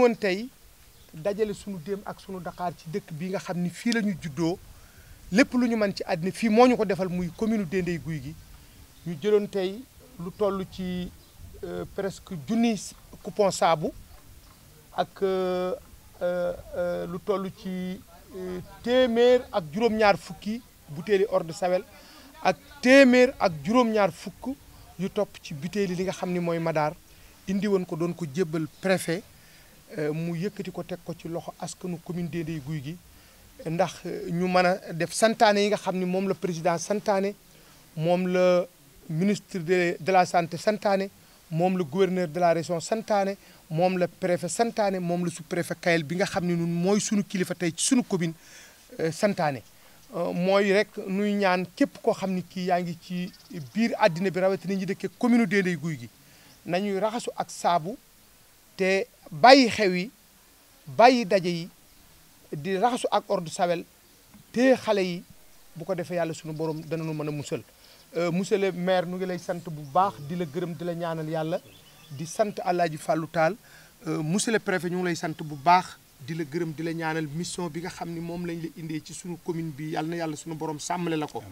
ñëwoon tey dajale sunu dém ak sunu daqaar ci dëkk bi nga xam ni fii la juddoo lépp lu ñu mën ci àddina fii moo ñu ko defal muy commune Dendey Guy gi ñu jëloon tey lu toll ci euh, presque junni coupon saabu ak euh, euh, lu toll ci téeméer ak juróom-ñaar fukki butéeli eau de ak téeméer ak juróom-ñaar fukk yu topp ci butéeli li nga xam ni mooy madaar indi woon ko doon ko jébbal préfet Euh, mu yëkkati ko teg ko ci loxo askanu commune Dendeye guy gi ndax euh, ñu mën a def santaane yi nga xam ni moom la président santaane moom la ministre de de la santé santaane moom la gouverneur de la région santaane moom la préfet santaane moom la sous-préfet Kayel bi nga xam ne nun mooy sunu kilifa tey ci sunu commune euh, santaane mooy rek nuy ñaan képp koo xam ni kii yaa ngi ci biir addina bi rawatina ñi dëkkee commune Dendeye guy gi nañuy raxasu ak saabu te bàyyi xew yi bàyyi daje yi di raxasu ak ordre sawel te xale yi bu ko defee yàlla sunu borom danañu mën a musal euh, monsieur le maire nu ngi lay sant bu baax di la gërëm di la ñaanal yàlla di sant Alaaji Fàllu Taal euh, monsieur le préfet ñu ngi lay sant bu baax di la gërëm di la ñaanal mission bi nga xam ni moom lañ la indee ci sunu commune bi yàlla na yàlla sunu borom sàmmale la ko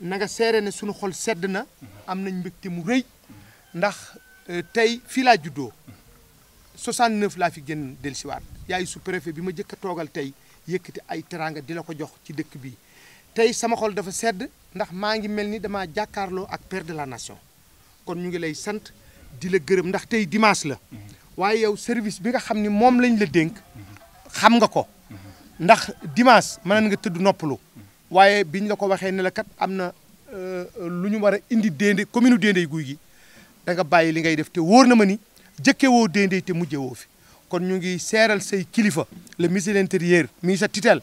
nanga nga seere ne sunu xol sedd na am nañ mbégte mu rëy ndax euh, tey fii laa juddoo 69 laa fi génn siwaat yaay su préfet bi ma jëkk a toogal tey yëkkati ay teraanga di la ko jox ci dëkk bi tey sama xol dafa sedd ndax maa ngi mel ni damaa jàkkaarloo ak per de la nation kon ñu ngi lay sant di la gërëm ndax tey dimanche la waaye yow service bi nga xam ni moom lañ la dénk xam nga ko ndax dimanche mën nga tëdd noppalu waaye biñ la ko waxee ne la kat am na euh, lu ñu war a indi déende commune déende guy gi da nga bàyyi li ngay def te wóor na ma ni. jëkke woo déndey te mujje woo fi kon ñu ngi seeral say kilifa le ministre de l'intérieur ministre tutelle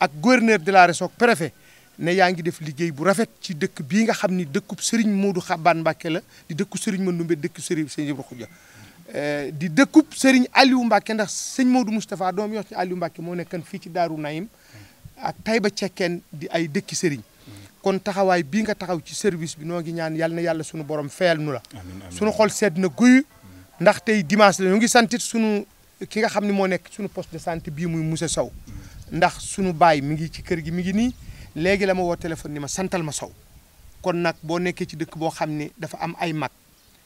ak gouverneur de la région préfet ne yaa ngi def liggéey bu rafet ci dëkk bii nga xam ni dëkkub Serigne du Xabaan Mbàkke la di dëkku Serigne Mandoumbe dëkku Serigne Serigne Ibra Xuja eh, di dëkkub sëriñ Aliou Mbàkke ndax sëñ Modou Moustapha doom yox ci Aliou Mbàkke moo nekkan fii ci Daaru nayim ak Tayba Cekkeen di ay dëkki sëriñ kon taxawaay bii nga taxaw ci service bi noo ngi ñaan yàlla na yàlla suñu borom feyal nu la suñu ndax tey dimanche la ñu ngi santit sunu ki nga xam ne moo nekk sunu poste de santé bii muy monsieur Sow ndax sunu baay mi ngi ci kër gi mi ngi nii léegi la ma woo téléphone ni ma santal ma Sow kon nag boo nekkee ci dëkk boo xam ni dafa am ay mag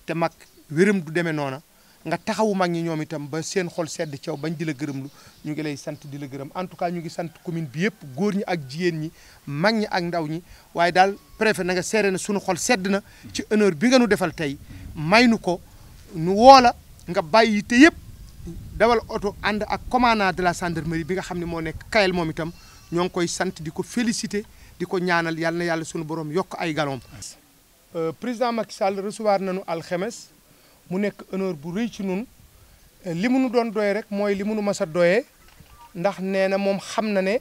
te mag wéram du demee noona nga taxawu mag ñi ñoom itam ba seen xol sedd caw bañ di la gërëmlu ñu ngi lay sant di la gërëm en tout cas ñu ngi sant commune bi yëpp góor ñi ak jigéen ñi mag ñi ak ndaw ñi waaye daal préfet nanga seeree na sunu xol sedd na ci honneur bi nga nu defal tey may nu ko nu woola nga bàyyi te yëpp dawal oto ànd ak commandant de la gendarmerie bi nga xam ne moo nekk Kayel moom itam ñoo ngi koy sant di ko félicité di ko ñaanal yàlla na yàlla sunu borom yokk ay galon euh, président Macky Sall recevoir nanu alxemes mu nekk honneur bu rëy ci nun euh, li nu doon doyee rek mooy li mu nu mas a doyee ndax nee na moom xam na ne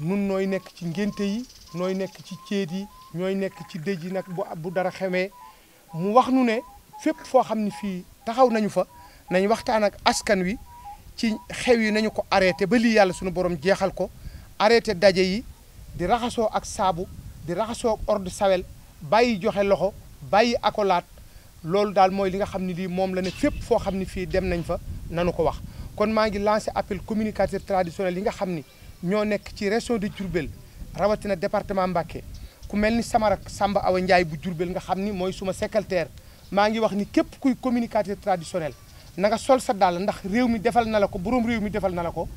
nun nooy nekk ci ngénte yi nooy nekk ci céet yi ñooy nekk ci dëj yi nag bu bu dara xemee mu wax nu ne fépp foo xam ne fii taxaw nañu fa nañ waxtaan ak askan wi ci xew nañu ko arrêté ba lii yàlla sunu borom jeexal ko arrêté daje yi di raxasoo ak saabu di raxasoo ak ordre sawel bàyyi joxe loxo bàyyi akolaat loolu daal mooy li nga xam ni lii moom la ne fépp foo xam ne fii dem nañ fa nanu ko wax kon maa ngi lancé appel communicateur traditionnel yi nga xam ni ñoo nekk ci région de Diourbel rawatina département Mbacké ku mel ni sama rak Samba Awa Ndiaye bu Diourbel nga xam ni mooy suma secrétaire maa ngi wax ni képp kuy communicateur traditionnel na nga sol sa dàll ndax réew mi defal na la ko boroom réew mi defal na la ko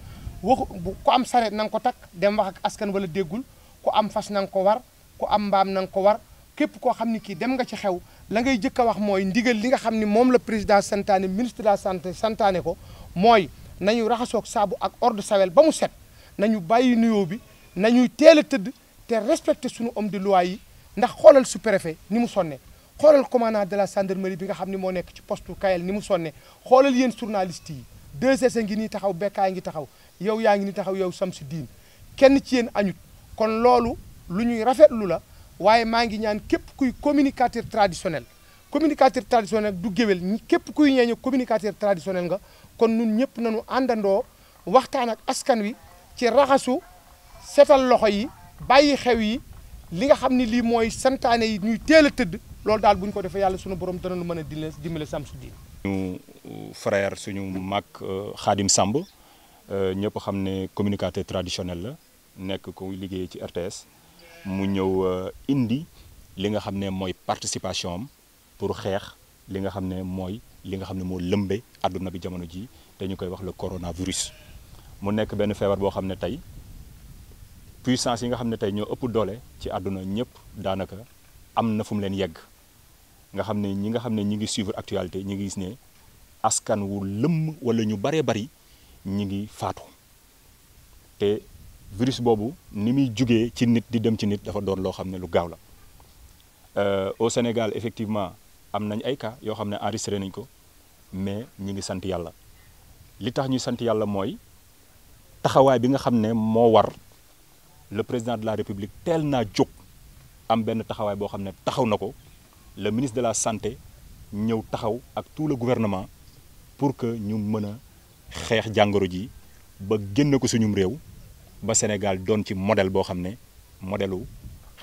waxu ko am sareet na nga ko takk dem wax askan wala déggul ko am fas na ko war ko am mbaam na nga ko war képp koo xam ni kii dem nga ci xew la ngay jëkk a wax mooy ndigal li nga xam ni moom la président santaane ministre da la santé santaane ko mooy nañu raxasook saabu ak ordre sawel ba mu set nañu bàyyi nuyoo bi nañuy teel a tëdd te respecté suñu homme de yi ndax xoolal sous-préfet ni mu sonne xoolal commandant de la gendarmerie bi nga xam ne moo nekk ci poste Kayel ni mu sonne xoolal yéen journaliste yi deux heures ngi nii taxaw ngi taxaw yow yaa ngi ni taxaw yow sam si diin kenn ci yéen añut kon loolu lu ñuy rafetlu la waaye maa ngi ñaan képp kuy communicateur traditionnel communicateur traditionnel du géwél képp kuy ñeeñu communicateur traditionnel nga kon nun ñëpp nañu àndandoo waxtaan ak askan wi ci raxasu setal loxo yi bàyyi xew yi li nga xam ni lii mooy santaane yi ñuy teel a tëdd loolu daal bu ñu ko defee yàlla suñu borom dana mën a dimbali dimbali Samsudeen. suñu euh, frère suñu mag euh, Khadim Samb euh, ñëpp xam ne communicateur traditionnel la nekk ko liggéey ci RTS mu ñëw indi li nga xam ne mooy participation pour xeex li nga xam ne mooy li nga xam ne moo lëmbe àdduna bi jamono ji te ñu koy wax le coronavirus. mu nekk benn feebar boo xam ne tey puissance yi nga xam ne tey ñoo ëpp doole ci àdduna ñëpp daanaka am na fu mu leen yegg. nga xam ne ñi nga xam ne ñi ngi suivre actualité ñi ngi gis ne askan wu lëmm wala ñu baree bari ñi ngi faatu te virus boobu ni muy jugee ci nit di dem ci nit dafa doon loo xam ne lu gaaw la euh, au Sénégal effectivement am nañ ay cas yoo xam ne enregistré nañ ko mais ñi ngi sant yàlla li tax ñu sant yàlla mooy taxawaay bi nga xam ne moo war le président de la république teel naa jóg am benn taxawaay boo xam ne taxaw na ko le ministre de la santé ñëw taxaw ak tout la gouvernement pour que ñu mën a xeex jàngoro ji ba génn ko suñum réew ba Sénégal doon ci modèle boo xam ne modèlu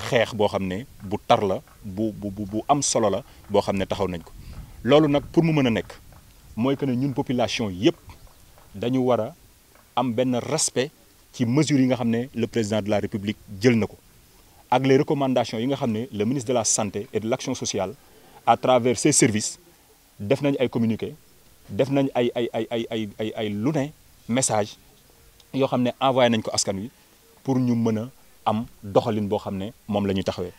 xeex boo xam ne bu tar la bu bu bu am solo la boo xam ne taxaw nañ ko loolu nag pour mu mën a nekk mooy que ne ñun population yépp dañu war a am benn respect ci mesures yi nga xam ne le président de la République jël na ko ak les recommandation yi nga xam ne le ministre de la santé et de l'action sociale à travers ses services def nañ ay communiqué def nañ ay ay ay ay ay ay ay lu ne message yoo xam ne envoyé nañ ko askan wi pour ñu mën a am doxalin boo xam ne moom la ñu taxawee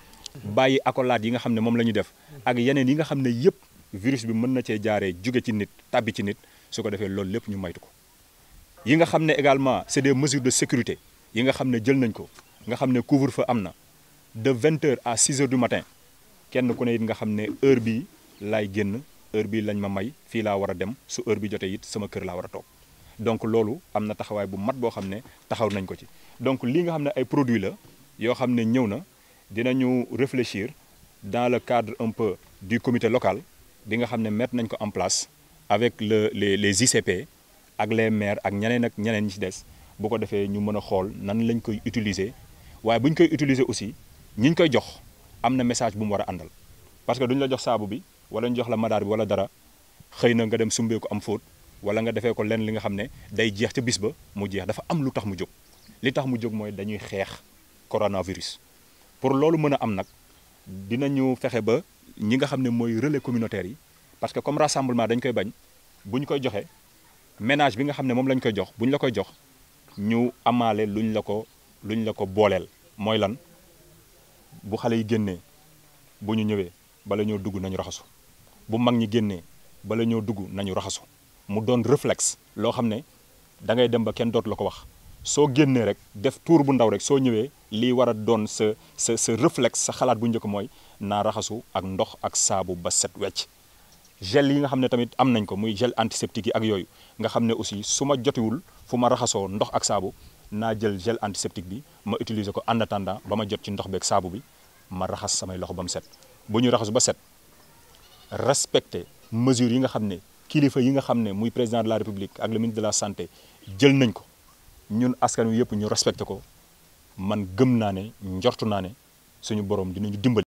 bàyyi accolade yi nga xam ne moom la ñu def ak yeneen yi nga xam ne yëpp virus bi mën na cee jaaree jóge ci nit tàbbi ci nit su ko defee loolu lépp ñu maytu ko yi nga xam ne également c'est des mesures de sécurité yi nga xam ne jël nañ ko nga xam ne couvre-feu am na de vingt heures à six heures du matin kenn ku ne it nga xam ne heure bii laay génn heure bii lañ ma may fii laa war a dem su heure bi jotee it sama kër laa war toog donc loolu am na taxawaay bu mat boo xam ne taxaw nañ ko ci donc lii nga xam ne ay produits la yoo xam ne ñëw na dina dinañu réfléchir dans le cadre un peu du comité locale bi nga xam ne mettre nañ ko en place avec le les les ICP ak les maires ak ñeneen ak ñeneen ñi ci des bu ko defee ñu mën a xool nan lañ koy utiliser waaye bu ñu koy utiliser aussi ñi ñu koy jox am na message bu mu war a àndal parce que duñ la jox saabu bi wala ñu jox la madaar bi wala dara xëy na nga dem sumbee ko am fóot wala nga defee ko lenn li nga xam ne day jeex ca bis ba mu jeex dafa am lu tax mu jóg li tax mu jóg mooy dañuy xeex coronavirus pour loolu mën a am nag dinañu fexe ba ñi nga xam ne mooy rele communautaire yi parce que comme rassemblement dañ koy bañ bu ñu koy joxe ménage bi nga xam ne moom lañ koy jox bu ñu la koy jox ñu amaale luñ la ko luñ la ko booleel mooy lan xale yi génne bu ñu ñëwee bala ñoo dugg nañu raxasu bu mag ñi génnee bala ñoo dugg nañu raxasu mu doon réflexe loo xam ne da ngay dem ba kenn dootu la ko wax soo génnee rek def tour bu ndaw rek soo ñëwee li war a doon sa sa sa réflexe sa xalaat bu njëkk mooy naa raxasu ak ndox ak saabu ba set wecc gel yi nga xam ne tamit am nañ ko muy gel antiseptique yi ak yooyu nga xam ne aussi su ma jotiwul fu ma raxasoo ndox ak saabu naa jël gel antiseptique bi ma utiliser ko en attendant ba ma jot ci ndox beeg saabu bi ma raxas samay loxo bam set bu ñu raxasu ba set respecté mesures yi nga xam ne kilifa yi nga xam ne muy président de la république ak le ministre de la santé jël nañ ko ñun askan wi yëpp ñu respecté ko man gëm naa ne njort naa ne suñu borom dinañu dimbali.